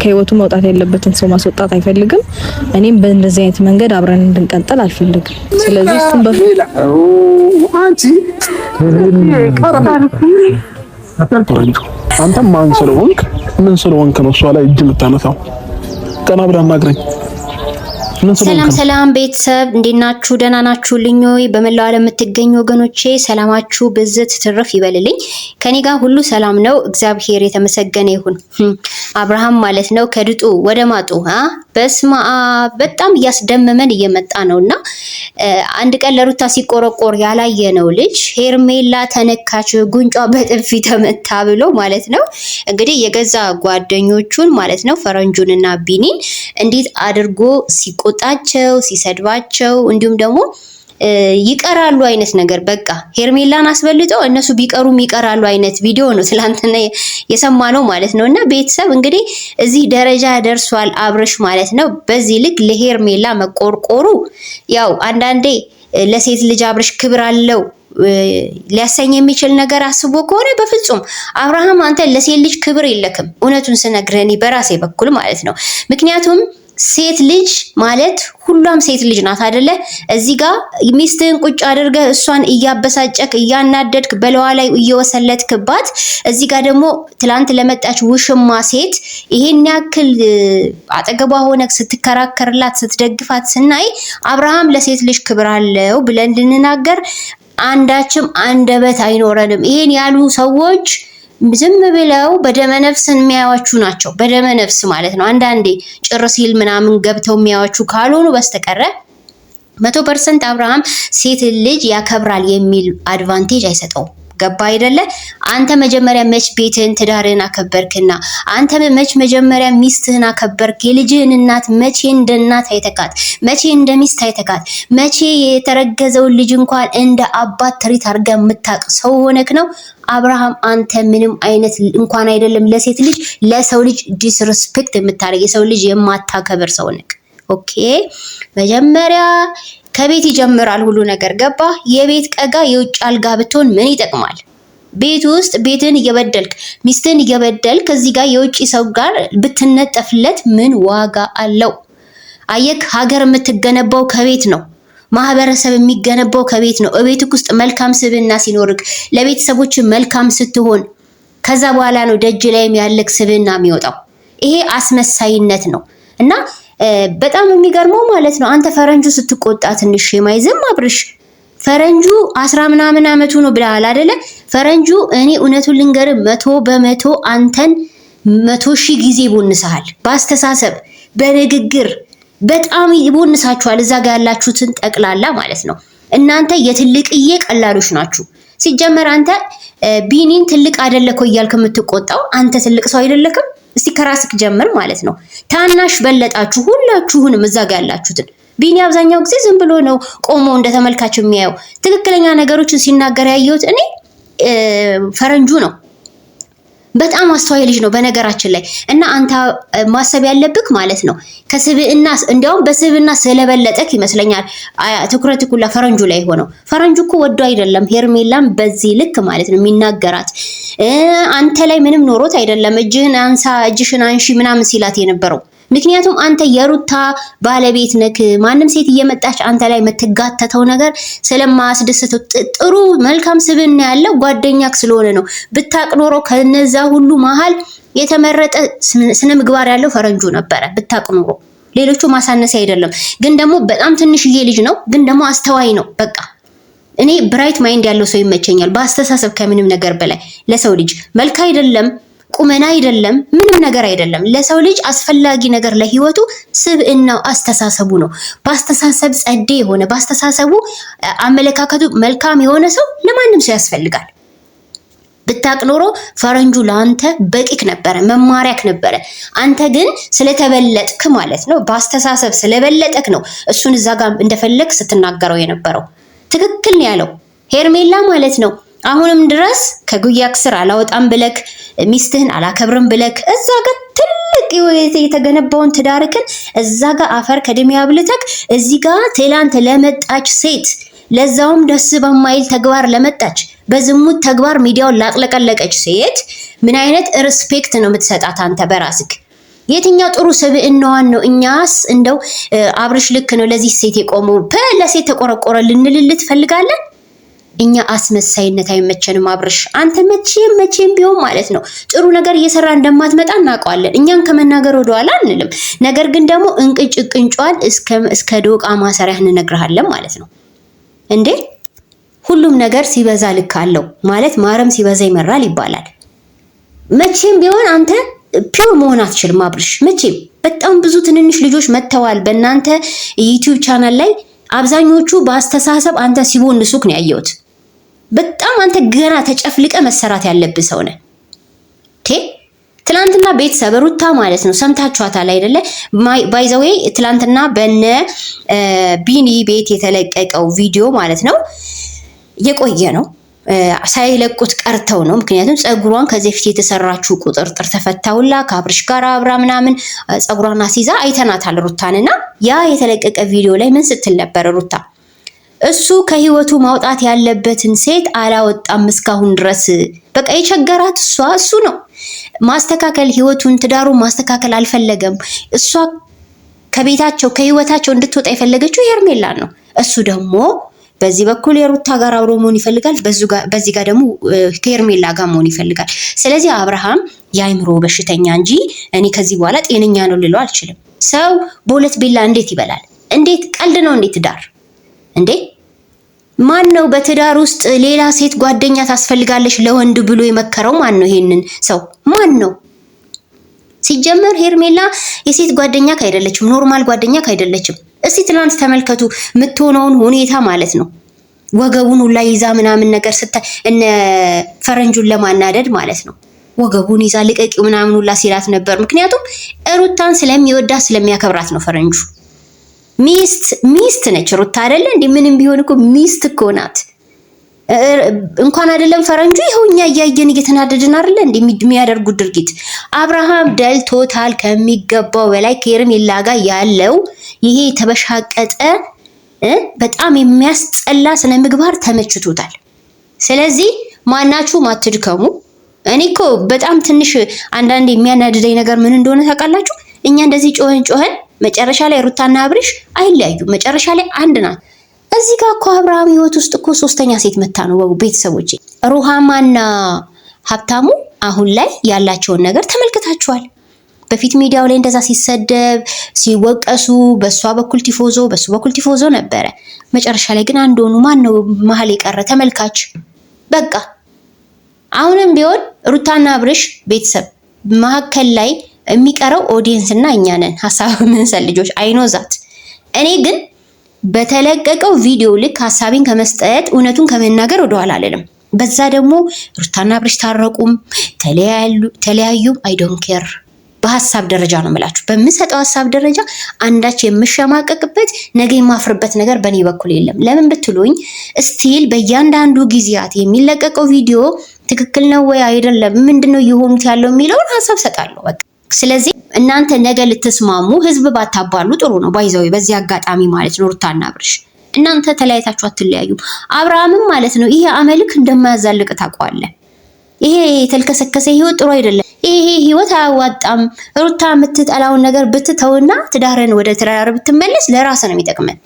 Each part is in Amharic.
ከህይወቱ መውጣት ያለበትን ሰው ማስወጣት አይፈልግም። እኔም በእንደዚህ አይነት መንገድ አብረን እንድንቀጥል አልፈልግም። ስለዚህ እሱም በፊት አንተም ማን ስለሆንክ ምን ስለሆንክ ነው እሷ ላይ እጅ የምታነሳው? ቀና ብላ አናግረኝ። ሰላም ሰላም ቤተሰብ እንዴት ናችሁ? ደህና ናችሁ? በመላው ዓለም የምትገኙ ወገኖቼ ሰላማችሁ ብዝት ትርፍ ይበልልኝ። ከኔ ጋር ሁሉ ሰላም ነው፣ እግዚአብሔር የተመሰገነ ይሁን። አብርሃም ማለት ነው ከድጡ ወደ ማጡ በስማ በጣም እያስደመመን እየመጣ ነው እና አንድ ቀን ለሩታ ሲቆረቆር ያላየነው ልጅ ሄርሜላ ተነካች፣ ጉንጯ በጥፊ ተመታ ብሎ ማለት ነው እንግዲህ የገዛ ጓደኞቹን ማለት ነው ፈረንጁንና ቢኒን እንዴት አድርጎ ሲቆጣቸው ሲሰድባቸው እንዲሁም ደግሞ ይቀራሉ አይነት ነገር በቃ ሄርሜላን አስበልጠው እነሱ ቢቀሩም ይቀራሉ አይነት ቪዲዮ ነው ትላንትና የሰማነው ማለት ነው። እና ቤተሰብ እንግዲህ እዚህ ደረጃ ደርሷል አብርሽ ማለት ነው። በዚህ ልክ ለሄርሜላ መቆርቆሩ ያው አንዳንዴ ለሴት ልጅ አብርሽ ክብር አለው ሊያሰኝ የሚችል ነገር አስቦ ከሆነ በፍጹም አብርሃም አንተ ለሴት ልጅ ክብር የለክም። እውነቱን ስነግረህ እኔ በራሴ በኩል ማለት ነው ምክንያቱም ሴት ልጅ ማለት ሁሏም ሴት ልጅ ናት አይደለ? እዚህ ጋር ሚስትህን ቁጭ አድርገህ እሷን እያበሳጨክ እያናደድክ በለዋ ላይ እየወሰለትክባት፣ እዚህ ጋር ደግሞ ትላንት ለመጣች ውሽማ ሴት ይሄን ያክል አጠገቧ ሆነክ ስትከራከርላት ስትደግፋት ስናይ አብርሃም ለሴት ልጅ ክብር አለው ብለን ልንናገር አንዳችም አንደበት አይኖረንም። ይሄን ያሉ ሰዎች ዝም ብለው ነፍስ የሚያዋቹ ናቸው። በደመነፍስ ማለት ነው። አንዳንዴ ጭር ሲል ምናምን ገብተው የሚያዋቹ ካልሆኑ በስተቀረ መቶ ፐርሰንት አብርሃም ሴት ልጅ ያከብራል የሚል አድቫንቴጅ አይሰጠውም። ገባ አይደለ? አንተ መጀመሪያ መች ቤትህን ትዳርህን አከበርክና፣ አንተ መች መጀመሪያ ሚስትህን አከበርክ? የልጅህን እናት መቼ እንደ እናት አይተካት፣ መቼ እንደ ሚስት አይተካት፣ መቼ የተረገዘውን ልጅ እንኳን እንደ አባት ትሪት አድርጋ የምታቅ ሰው ሆነክ ነው። አብርሃም አንተ ምንም አይነት እንኳን አይደለም ለሴት ልጅ ለሰው ልጅ ዲስሪስፔክት የምታደርግ የሰው ልጅ የማታከብር ሰው ነክ። ኦኬ መጀመሪያ ከቤት ይጀምራል ሁሉ ነገር ገባ። የቤት ቀጋ የውጭ አልጋ ብትሆን ምን ይጠቅማል? ቤት ውስጥ ቤትን እየበደልክ ሚስትን እየበደልክ እዚህ ጋር የውጭ ሰው ጋር ብትነጠፍለት ምን ዋጋ አለው? አየክ፣ ሀገር የምትገነባው ከቤት ነው። ማህበረሰብ የሚገነባው ከቤት ነው። እቤትክ ውስጥ መልካም ስብዕና ሲኖርክ፣ ለቤተሰቦች መልካም ስትሆን፣ ከዛ በኋላ ነው ደጅ ላይም ያለክ ስብዕና የሚወጣው። ይሄ አስመሳይነት ነው እና በጣም የሚገርመው ማለት ነው አንተ ፈረንጁ ስትቆጣ ትንሽ የማይዝም አብርሽ ፈረንጁ አስራ ምናምን አመቱ ነው ብለሃል አደለ? ፈረንጁ እኔ እውነቱን ልንገር መቶ በመቶ አንተን መቶ ሺህ ጊዜ ቦንሰሃል። በአስተሳሰብ በንግግር በጣም ይቦንሳችኋል። እዛ ጋር ያላችሁትን ጠቅላላ ማለት ነው። እናንተ የትልቅዬ ቀላሎች ናችሁ። ሲጀመር አንተ ቢኒን ትልቅ አደለኮ እያልክ የምትቆጣው አንተ ትልቅ ሰው አይደለክም። እስቲ ከራስክ ጀምር ማለት ነው። ታናሽ በለጣችሁ ሁላችሁንም እዛ ጋ ያላችሁትን ቢኒ አብዛኛው ጊዜ ዝም ብሎ ነው ቆሞ እንደ ተመልካች የሚያየው። ትክክለኛ ነገሮችን ሲናገር ያየሁት እኔ ፈረንጁ ነው በጣም አስተዋይ ልጅ ነው በነገራችን ላይ እና አንተ ማሰብ ያለብክ ማለት ነው ከስብዕና እንዲያውም በስብዕና ስለበለጠክ ይመስለኛል ትኩረት ኩላ ፈረንጁ ላይ ሆነው ፈረንጁ እኮ ወዶ አይደለም ሄርሜላን በዚህ ልክ ማለት ነው የሚናገራት አንተ ላይ ምንም ኖሮት አይደለም እጅህን አንሳ እጅሽን አንሺ ምናምን ሲላት የነበረው ምክንያቱም አንተ የሩታ ባለቤት ነክ ማንም ሴት እየመጣች አንተ ላይ የምትጋተተው ነገር ስለማያስደስተው ጥሩ መልካም ስብና ያለው ጓደኛክ ስለሆነ ነው። ብታቅ ኖሮ ከነዛ ሁሉ መሀል የተመረጠ ስነ ምግባር ያለው ፈረንጁ ነበረ ብታቅ ኖሮ። ሌሎቹ ማሳነስ አይደለም፣ ግን ደግሞ በጣም ትንሽዬ ልጅ ነው፣ ግን ደግሞ አስተዋይ ነው። በቃ እኔ ብራይት ማይንድ ያለው ሰው ይመቸኛል፣ በአስተሳሰብ ከምንም ነገር በላይ ለሰው ልጅ መልክ አይደለም ቁመና አይደለም፣ ምንም ነገር አይደለም። ለሰው ልጅ አስፈላጊ ነገር ለህይወቱ ስብዕናው አስተሳሰቡ ነው። በአስተሳሰብ ጸዴ የሆነ በአስተሳሰቡ አመለካከቱ መልካም የሆነ ሰው ለማንም ሰው ያስፈልጋል። ብታቅ ኖሮ ፈረንጁ ለአንተ በቂክ ነበረ፣ መማሪያክ ነበረ። አንተ ግን ስለተበለጥክ ማለት ነው፣ በአስተሳሰብ ስለበለጠክ ነው እሱን እዛ ጋር እንደፈለግ ስትናገረው የነበረው። ትክክል ነው ያለው ሄርሜላ ማለት ነው። አሁንም ድረስ ከጉያክ ስር አላወጣም ብለክ ሚስትህን አላከብርም ብለክ እዛ ጋር ትልቅ የተገነባውን ትዳርክን እዛ ጋር አፈር ከድሜ አብልተክ እዚህ ጋር ትላንት ለመጣች ሴት ለዛውም ደስ በማይል ተግባር ለመጣች በዝሙት ተግባር ሚዲያውን ላቅለቀለቀች ሴት ምን አይነት ሪስፔክት ነው የምትሰጣት አንተ በራስክ? የትኛው ጥሩ ስብዕናዋን ነው? እኛስ እንደው አብርሽ ልክ ነው ለዚህ ሴት የቆመው ለሴት ተቆረቆረ ልንልልት ፈልጋለን? እኛ አስመሳይነት አይመቸንም። አብርሽ አንተ መቼም መቼም ቢሆን ማለት ነው ጥሩ ነገር እየሰራ እንደማትመጣ እናውቀዋለን። እኛን ከመናገር ወደኋላ አንልም። ነገር ግን ደግሞ እንቅጭ ቅንጫዋን እስከ ዶቃ ማሰሪያ እንነግርሃለን ማለት ነው እንዴ። ሁሉም ነገር ሲበዛ ልክ አለው ማለት ማረም ሲበዛ ይመራል ይባላል። መቼም ቢሆን አንተ ፒውር መሆን አትችልም አብርሽ። መቼም በጣም ብዙ ትንንሽ ልጆች መጥተዋል በእናንተ ዩቲዩብ ቻናል ላይ አብዛኞቹ በአስተሳሰብ አንተ ሲቦንሱክ ነው ያየሁት። በጣም አንተ ገና ተጨፍልቀ መሰራት ያለብህ ሰው ነህ። ትላንትና ቤተሰብ ሩታ ማለት ነው ሰምታችኋታል አይደለ? ባይዘዌይ ትላንትና በነ ቢኒ ቤት የተለቀቀው ቪዲዮ ማለት ነው የቆየ ነው ሳይለቁት ቀርተው ነው። ምክንያቱም ፀጉሯን ከዚህ ፊት የተሰራችው ቁጥርጥር ተፈታውላ ከአብርሽ ጋር አብራ ምናምን ፀጉሯን አስይዛ አይተናታል ሩታንና ያ የተለቀቀ ቪዲዮ ላይ ምን ስትል ነበር ሩታ? እሱ ከህይወቱ ማውጣት ያለበትን ሴት አላወጣም እስካሁን ድረስ። በቃ የቸገራት እሷ እሱ ነው ማስተካከል ህይወቱን ትዳሩን ማስተካከል አልፈለገም። እሷ ከቤታቸው ከህይወታቸው እንድትወጣ የፈለገችው ሄርሜላ ነው። እሱ ደግሞ በዚህ በኩል የሩታ ጋር አብሮ መሆን ይፈልጋል። በዚህ ጋር ደግሞ ከሄርሜላ ጋር መሆን ይፈልጋል። ስለዚህ አብርሃም የአይምሮ በሽተኛ እንጂ እኔ ከዚህ በኋላ ጤነኛ ነው ልለው አልችልም። ሰው በሁለት ቢላ እንዴት ይበላል? እንዴት ቀልድ ነው እንዴት ትዳር እንዴ? ማን ነው በትዳር ውስጥ ሌላ ሴት ጓደኛ ታስፈልጋለች ለወንድ ብሎ የመከረው ማን ነው? ይሄንን ሰው ማን ነው? ሲጀመር ሄርሜላ የሴት ጓደኛ ካይደለችም ኖርማል ጓደኛ ካይደለችም እስቲ ትናንት ተመልከቱ የምትሆነውን ሁኔታ ማለት ነው። ወገቡን ሁላ ይዛ ምናምን ነገር ስታይ እነ ፈረንጁን ለማናደድ ማለት ነው ወገቡን ይዛ ልቀቂው ምናምን ሁላ ሲላት ነበር። ምክንያቱም ሩታን ስለሚወዳት ስለሚያከብራት ነው ፈረንጁ ሚስት ሚስት ነች ሩታ አይደለ እንዴ? ምንም ቢሆን እኮ ሚስት እኮ ናት። እንኳን አይደለም ፈረንጁ ይኸው እኛ እያየን እየተናደድን አይደለ እንዴ የሚያደርጉት ድርጊት። አብርሃም ደልቶታል ከሚገባው በላይ ከሔርሜላ ጋር ያለው ይሄ የተበሻቀጠ በጣም የሚያስጠላ ስነ ምግባር ተመችቶታል። ስለዚህ ማናችሁም አትድከሙ። እኔ እኮ በጣም ትንሽ አንዳንድ የሚያናድደኝ ነገር ምን እንደሆነ ታውቃላችሁ? እኛ እንደዚህ ጮኸን ጮኸን መጨረሻ ላይ ሩታና አብርሽ አይለያዩ፣ መጨረሻ ላይ አንድ ናት። እዚህ ጋር እኮ አብርሃም ህይወት ውስጥ እኮ ሶስተኛ ሴት መታ ነው። ቤተሰቦች ሩሃማና ሀብታሙ አሁን ላይ ያላቸውን ነገር ተመልክታችኋል። በፊት ሚዲያው ላይ እንደዛ ሲሰደብ ሲወቀሱ፣ በእሷ በኩል ቲፎዞ፣ በሱ በኩል ቲፎዞ ነበረ። መጨረሻ ላይ ግን አንድ ሆኑ። ማን ነው መሀል የቀረ ተመልካች? በቃ አሁንም ቢሆን ሩታና አብርሽ ቤተሰብ መካከል ላይ የሚቀረው ኦዲየንስ እና እኛ ነን። ሀሳብ ምንሰል ልጆች አይኖዛት እኔ ግን በተለቀቀው ቪዲዮ ልክ ሀሳቤን ከመስጠት እውነቱን ከመናገር ወደኋላ አልልም። በዛ ደግሞ ሩታና አብርሽ ታረቁም ተለያዩም አይዶን ኬር በሀሳብ ደረጃ ነው የምላችሁ። በምሰጠው ሀሳብ ደረጃ አንዳች የምሸማቀቅበት ነገ የማፍርበት ነገር በእኔ በኩል የለም። ለምን ብትሉኝ እስቲል በእያንዳንዱ ጊዜያት የሚለቀቀው ቪዲዮ ትክክል ነው ወይ አይደለም፣ ምንድነው እየሆኑት ያለው የሚለውን ሀሳብ ሰጣለሁ በቃ ስለዚህ እናንተ ነገ ልትስማሙ ህዝብ ባታባሉ ጥሩ ነው። ባይዘው በዚህ አጋጣሚ ማለት ነው ሩታና ብርሽ እናንተ ተለያይታችሁ አትለያዩም። አብርሃምም ማለት ነው ይሄ አመልክ እንደማያዛልቅ ታውቀዋለህ። ይሄ የተልከሰከሰ ህይወት ጥሩ አይደለም። ይሄ ህይወት አያዋጣም። ሩታ የምትጠላውን ነገር ብትተውና ትዳርን ወደ ትዳር ብትመለስ ለራስ ነው የሚጠቅመን።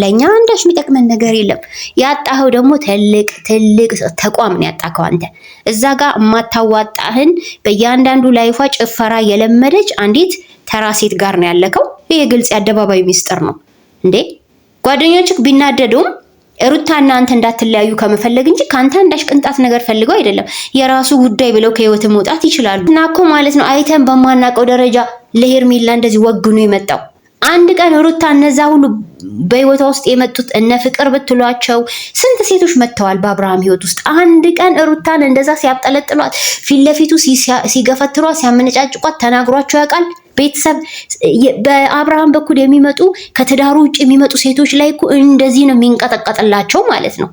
ለእኛ አንዳች የሚጠቅመን ነገር የለም። ያጣኸው ደግሞ ትልቅ ትልቅ ተቋም ነው ያጣከው አንተ። እዛ ጋር የማታዋጣህን በእያንዳንዱ ላይፏ ጭፈራ የለመደች አንዲት ተራ ሴት ጋር ነው ያለከው። ይሄ ግልጽ የአደባባይ ሚስጥር ነው እንዴ ጓደኞችህ ቢናደዱም ሩታ እና አንተ እንዳትለያዩ ከመፈለግ እንጂ ከአንተ አንዳች ቅንጣት ነገር ፈልገው አይደለም። የራሱ ጉዳይ ብለው ከህይወት መውጣት ይችላሉ። እና እኮ ማለት ነው አይተን በማናውቀው ደረጃ ለሄርሜላ እንደዚህ ወግኖ የመጣው አንድ ቀን ሩታ እነዛ ሁሉ በህይወቷ ውስጥ የመጡት እነ ፍቅር ብትሏቸው ስንት ሴቶች መጥተዋል በአብርሃም ህይወት ውስጥ። አንድ ቀን ሩታን እንደዛ ሲያብጠለጥሏት ፊት ለፊቱ ሲገፈትሯት ሲያመነጫጭቋት ተናግሯቸው ያውቃል? ቤተሰብ በአብርሃም በኩል የሚመጡ ከትዳሩ ውጭ የሚመጡ ሴቶች ላይ እኮ እንደዚህ ነው የሚንቀጠቀጥላቸው ማለት ነው።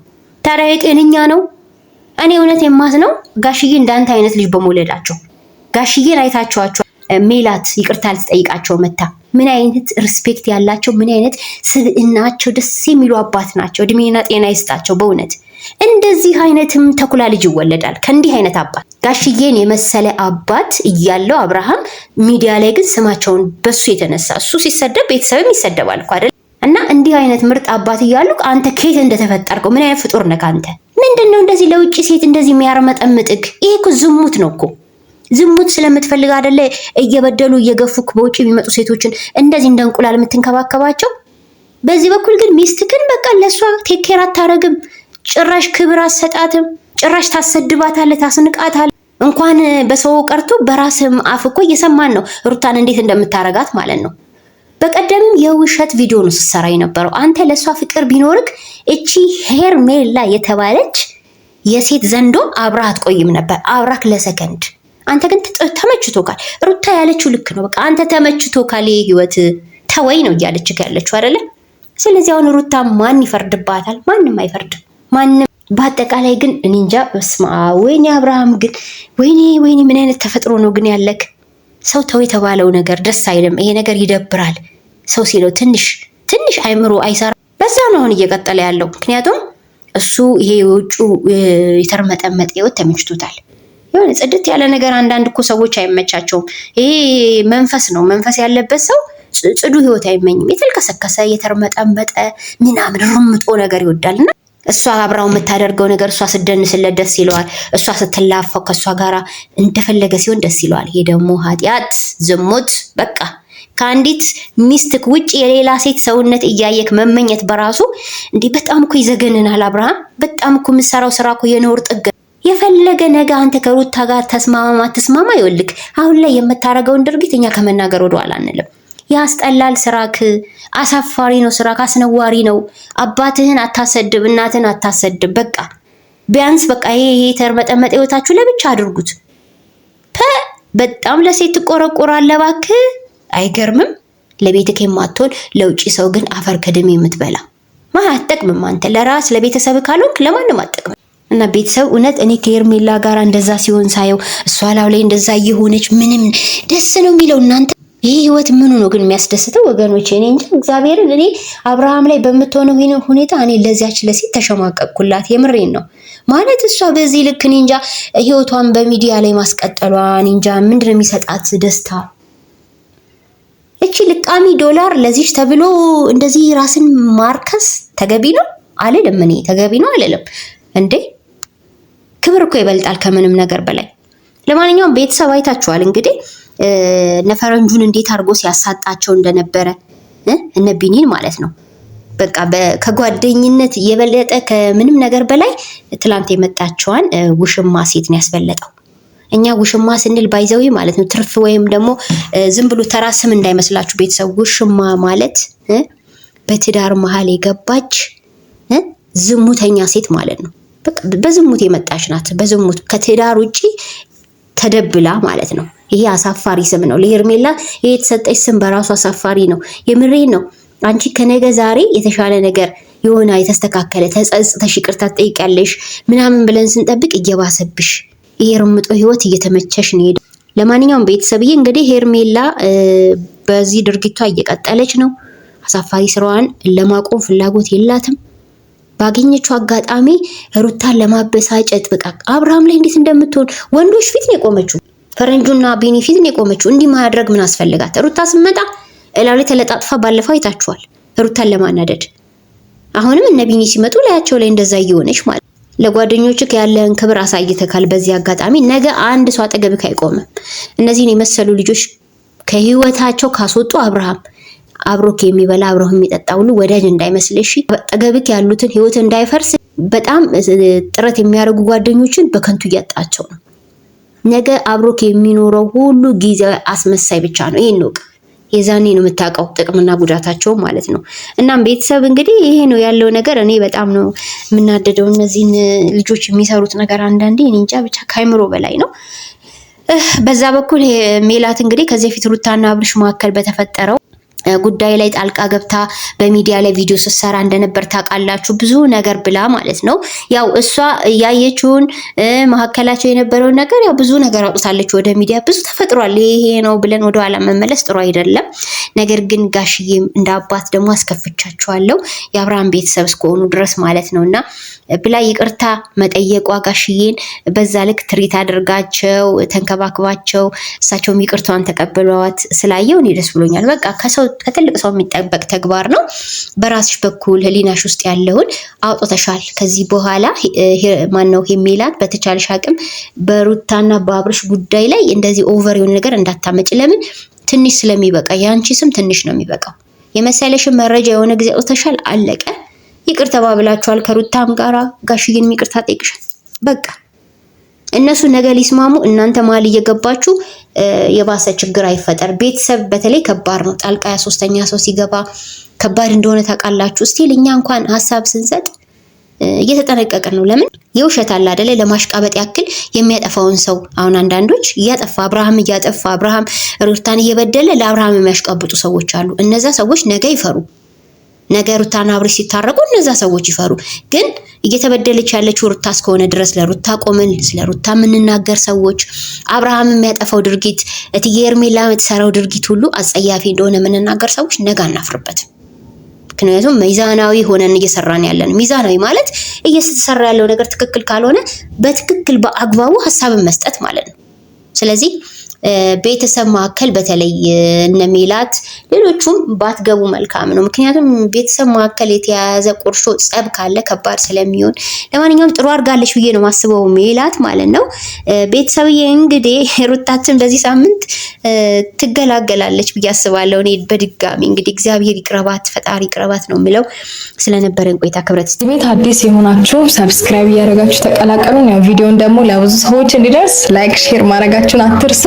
ታዲያ የጤነኛ ነው? እኔ እውነት የማዝ ነው ጋሽዬ እንዳንተ አይነት ልጅ በመውለዳቸው ጋሽዬን አይታቸዋቸው ሜላት ይቅርታ ልትጠይቃቸው መታ። ምን አይነት ሪስፔክት ያላቸው ምን አይነት ስብዕናቸው ደስ የሚሉ አባት ናቸው። እድሜና ጤና ይስጣቸው በእውነት። እንደዚህ አይነትም ተኩላ ልጅ ይወለዳል ከእንዲህ አይነት አባት ጋሽዬን የመሰለ አባት እያለው አብርሃም ሚዲያ ላይ ግን ስማቸውን በሱ የተነሳ እሱ ሲሰደብ ቤተሰብም ይሰደባል እኮ አይደል እና እንዲህ አይነት ምርጥ አባት እያሉ አንተ ከየት እንደተፈጠርከው ምን አይነት ፍጡር ነህ አንተ ምንድነው እንደዚህ ለውጭ ሴት እንደዚህ የሚያርመጠምጥግ ይሄ እኮ ዝሙት ነው እኮ ዝሙት ስለምትፈልግ አደለ እየበደሉ እየገፉ በውጭ የሚመጡ ሴቶችን እንደዚህ እንደ እንቁላል የምትንከባከባቸው በዚህ በኩል ግን ሚስትክን በቃ ለእሷ ቴኬር አታረግም ጭራሽ ክብር አሰጣትም። ጭራሽ ታሰድባታለ፣ ታስንቃታለ። እንኳን በሰው ቀርቶ በራስም አፍ እኮ እየሰማን ነው ሩታን እንዴት እንደምታረጋት ማለት ነው። በቀደምም የውሸት ቪዲዮ ነው ስትሰራ የነበረው። አንተ ለእሷ ፍቅር ቢኖርክ እቺ ሄርሜላ የተባለች የሴት ዘንዶ አብራህ አትቆይም ነበር፣ አብራክ ለሰከንድ። አንተ ግን ተመችቶካል። ሩታ ያለችው ልክ ነው። በቃ አንተ ተመችቶካል፣ ህይወት ተወይ ነው እያለች ያለችው አይደለ? ስለዚህ አሁን ሩታ ማን ይፈርድባታል? ማንም አይፈርድም። ማንም በአጠቃላይ ግን እኔ እንጃ። በስመ አብ ወይኔ አብርሃም ግን ወይኔ ወይኔ፣ ምን አይነት ተፈጥሮ ነው ግን ያለክ? ሰው ተው የተባለው ነገር ደስ አይልም። ይሄ ነገር ይደብራል። ሰው ሲለው ትንሽ ትንሽ አይምሮ አይሰራ። በዛ ነው አሁን እየቀጠለ ያለው። ምክንያቱም እሱ ይሄ የውጩ የተርመጠመጠ ህይወት ተመችቶታል። የሆነ ጽድት ያለ ነገር አንዳንድ እኮ ሰዎች አይመቻቸውም። ይሄ መንፈስ ነው። መንፈስ ያለበት ሰው ጽዱ ህይወት አይመኝም። የተልከሰከሰ የተርመጠመጠ ምናምን ርምጦ ነገር ይወዳልና እሷ አብራው የምታደርገው ነገር እሷ ስደንስለት ደስ ይለዋል። እሷ ስትላፈው ከእሷ ጋር እንደፈለገ ሲሆን ደስ ይለዋል። ይሄ ደግሞ ኃጢአት፣ ዝሙት በቃ ከአንዲት ሚስትክ ውጭ የሌላ ሴት ሰውነት እያየክ መመኘት በራሱ እንዲህ በጣም እኮ ይዘገንናል። አብርሃም በጣም እኮ የምሰራው ስራ እኮ የነውር ጥግ። የፈለገ ነገ አንተ ከሩታ ጋር ተስማማ አትስማማ ይወልክ አሁን ላይ የምታደርገውን ድርጊት እኛ ከመናገር ወደኋላ አንልም። ያስጠላል ስራክ፣ አሳፋሪ ነው ስራክ፣ አስነዋሪ ነው። አባትህን አታሰድብ፣ እናትህን አታሰድብ። በቃ ቢያንስ በቃ ይሄ ይሄ ተርመጠመጠ ህይወታችሁ ለብቻ አድርጉት። ፐ በጣም ለሴት ትቆረቆራለህ እባክህ። አይገርምም? ለቤትክ የማትሆን ለውጭ ሰው ግን አፈር ከደም የምትበላ ማህ አትጠቅምም። አንተ ለራስ ለቤተሰብ ካልሆንክ ለማንም አትጠቅምም። እና ቤተሰብ እውነት እኔ ከሄርሜላ ጋር እንደዛ ሲሆን ሳየው እሷ ላው ላይ እንደዛ እየሆነች ምንም ደስ ነው የሚለው እናንተ ይህ ህይወት ምኑ ነው ግን የሚያስደስተው ወገኖች? እኔ እንጂ እግዚአብሔርን እኔ አብርሃም ላይ በምትሆነው ሁኔታ እኔ ለዚያች ለሴት ተሸማቀቅኩላት። የምሬን ነው ማለት እሷ በዚህ ልክ እኔ እንጃ ህይወቷን በሚዲያ ላይ ማስቀጠሏ እኔ እንጃ ምንድን ነው የሚሰጣት ደስታ? እቺ ልቃሚ ዶላር ለዚች ተብሎ እንደዚህ ራስን ማርከስ ተገቢ ነው አልልም። እኔ ተገቢ ነው አልልም። እንዴ ክብር እኮ ይበልጣል ከምንም ነገር በላይ። ለማንኛውም ቤተሰብ አይታችኋል እንግዲህ ነፈረንጁን እንዴት አድርጎ ሲያሳጣቸው እንደነበረ እነ ቢኒን ማለት ነው። በቃ ከጓደኝነት የበለጠ ከምንም ነገር በላይ ትላንት የመጣቸዋን ውሽማ ሴት ነው ያስበለጠው። እኛ ውሽማ ስንል ባይዘዊ ማለት ነው ትርፍ ወይም ደግሞ ዝም ብሎ ተራ ስም እንዳይመስላችሁ ቤተሰብ። ውሽማ ማለት በትዳር መሀል የገባች ዝሙተኛ ሴት ማለት ነው። በዝሙት የመጣች ናት። በዝሙት ከትዳር ውጪ ተደብላ ማለት ነው። ይሄ አሳፋሪ ስም ነው ለሄርሜላ። ይሄ የተሰጠች ስም በራሱ አሳፋሪ ነው። የምሬ ነው። አንቺ ከነገ ዛሬ የተሻለ ነገር የሆነ የተስተካከለ ተጸጽተሽ ይቅርታ ትጠይቂያለሽ ምናምን ብለን ስንጠብቅ እየባሰብሽ ይሄ ርምጦ ህይወት እየተመቸሽ ነው ሄደ። ለማንኛውም ቤተሰብዬ እንግዲህ ሄርሜላ በዚህ ድርጊቷ እየቀጠለች ነው። አሳፋሪ ስራዋን ለማቆም ፍላጎት የላትም። ባገኘችው አጋጣሚ ሩታን ለማበሳጨት በቃ አብርሃም ላይ እንዴት እንደምትሆን ወንዶች ፊት ነው የቆመችው። ፈረንጁና ቤኔፊት ነው የቆመችው። እንዲህ ማድረግ ምን አስፈልጋት? ሩታ ስመጣ እላው ላይ ተለጣጥፋ ባለፈው አይታችኋል፣ ሩታን ለማናደድ አሁንም እነ ቢኒ ሲመጡ ላያቸው ላይ እንደዛ እየሆነች ማለት ለጓደኞችህ ያለህን ክብር አሳይተካል። በዚህ አጋጣሚ ነገ አንድ ሰው አጠገብህ አይቆምም። እነዚህን የመሰሉ ልጆች ከህይወታቸው ካስወጡ አብርሃም አብሮክ የሚበላ አብሮህ የሚጠጣ ሁሉ ወዳጅ እንዳይመስልሽ፣ አጠገብህ ያሉትን ህይወት እንዳይፈርስ በጣም ጥረት የሚያደርጉ ጓደኞችን በከንቱ እያጣቸው ነው። ነገ አብሮክ የሚኖረው ሁሉ ጊዜያዊ አስመሳይ ብቻ ነው። ይሄን ነው የዛኔ ነው የምታውቀው ጥቅምና ጉዳታቸው ማለት ነው። እናም ቤተሰብ እንግዲህ ይሄ ነው ያለው ነገር። እኔ በጣም ነው የምናደደው እነዚህን ልጆች የሚሰሩት ነገር አንዳንዴ እኔ እንጃ ብቻ ከአይምሮ በላይ ነው። በዛ በኩል ሜላት እንግዲህ ከዚህ ፊት ሩታና አብርሽ መካከል በተፈጠረው ጉዳይ ላይ ጣልቃ ገብታ በሚዲያ ላይ ቪዲዮ ስትሰራ እንደነበር ታውቃላችሁ። ብዙ ነገር ብላ ማለት ነው። ያው እሷ ያየችውን መካከላቸው የነበረውን ነገር ያው ብዙ ነገር አውጥታለች ወደ ሚዲያ። ብዙ ተፈጥሯል። ይሄ ነው ብለን ወደኋላ መመለስ ጥሩ አይደለም። ነገር ግን ጋሽዬም እንደ አባት ደግሞ አስከፍቻቸዋለሁ የአብርሃም ቤተሰብ እስከሆኑ ድረስ ማለት ነው እና ብላ ይቅርታ መጠየቋ ጋሽዬን በዛ ልክ ትሪት አድርጋቸው ተንከባክባቸው እሳቸውም ይቅርታዋን ተቀብለዋት ስላየው እኔ ደስ ብሎኛል። በቃ ከሰው ከትልቅ ሰው የሚጠበቅ ተግባር ነው። በራስሽ በኩል ህሊናሽ ውስጥ ያለውን አውጥተሻል። ከዚህ በኋላ ማነው ሄሜላት በተቻለሽ አቅም በሩታና በአብርሽ ጉዳይ ላይ እንደዚህ ኦቨር የሆነ ነገር እንዳታመጭ። ለምን ትንሽ ስለሚበቃ፣ የአንቺ ስም ትንሽ ነው የሚበቃው። የመሰለሽን መረጃ የሆነ ጊዜ አውጥተሻል፣ አለቀ። ይቅር ተባብላችኋል። ከሩታም ጋራ ጋሽዬንም ይቅርታ ጠይቅሻል። በቃ እነሱ ነገ ሊስማሙ፣ እናንተ መሀል እየገባችሁ የባሰ ችግር አይፈጠር። ቤተሰብ በተለይ ከባድ ነው። ጣልቃ ሶስተኛ ሰው ሲገባ ከባድ እንደሆነ ታውቃላችሁ። ስቲል እኛ እንኳን ሀሳብ ስንሰጥ እየተጠነቀቅን ነው። ለምን የውሸት አለ አደለ? ለማሽቃበጥ ያክል የሚያጠፋውን ሰው አሁን አንዳንዶች እያጠፋ አብርሃም እያጠፋ አብርሃም ሩታን እየበደለ ለአብርሃም የሚያሽቃብጡ ሰዎች አሉ። እነዛ ሰዎች ነገ ይፈሩ። ነገ ሩታና አብርሽ ሲታረቁ እነዛ ሰዎች ይፈሩ። ግን እየተበደለች ያለችው ሩታ እስከሆነ ድረስ ለሩታ ቆመን ስለ ሩታ የምንናገር ሰዎች አብርሃም የሚያጠፋው ድርጊት እትዬ ኤርሜላ የምትሰራው ድርጊት ሁሉ አጸያፊ እንደሆነ የምንናገር ሰዎች ነገ አናፍርበትም። ምክንያቱም ሚዛናዊ ሆነን እየሰራን ያለን። ሚዛናዊ ማለት እየተሰራ ያለው ነገር ትክክል ካልሆነ በትክክል በአግባቡ ሀሳብን መስጠት ማለት ነው። ስለዚህ ቤተሰብ መካከል በተለይ እነ ሜላት ሌሎቹም ባትገቡ መልካም ነው። ምክንያቱም ቤተሰብ መካከል የተያያዘ ቁርሾ ጸብ ካለ ከባድ ስለሚሆን፣ ለማንኛውም ጥሩ አድርጋለች ብዬ ነው ማስበው ሜላት ማለት ነው። ቤተሰብዬ እንግዲህ ሩታችን በዚህ ሳምንት ትገላገላለች ብዬ አስባለሁ። እኔ በድጋሚ እንግዲህ እግዚአብሔር ይቅረባት፣ ፈጣሪ ይቅረባት ነው የምለው። ስለነበረን ቆይታ ክብረት ቤት አዲስ የሆናችሁ ሰብስክራይብ እያደረጋችሁ ተቀላቀሉን። ያው ቪዲዮን ደግሞ ለብዙ ሰዎች እንዲደርስ ላይክ፣ ሼር ማድረጋችሁን አትርሱ።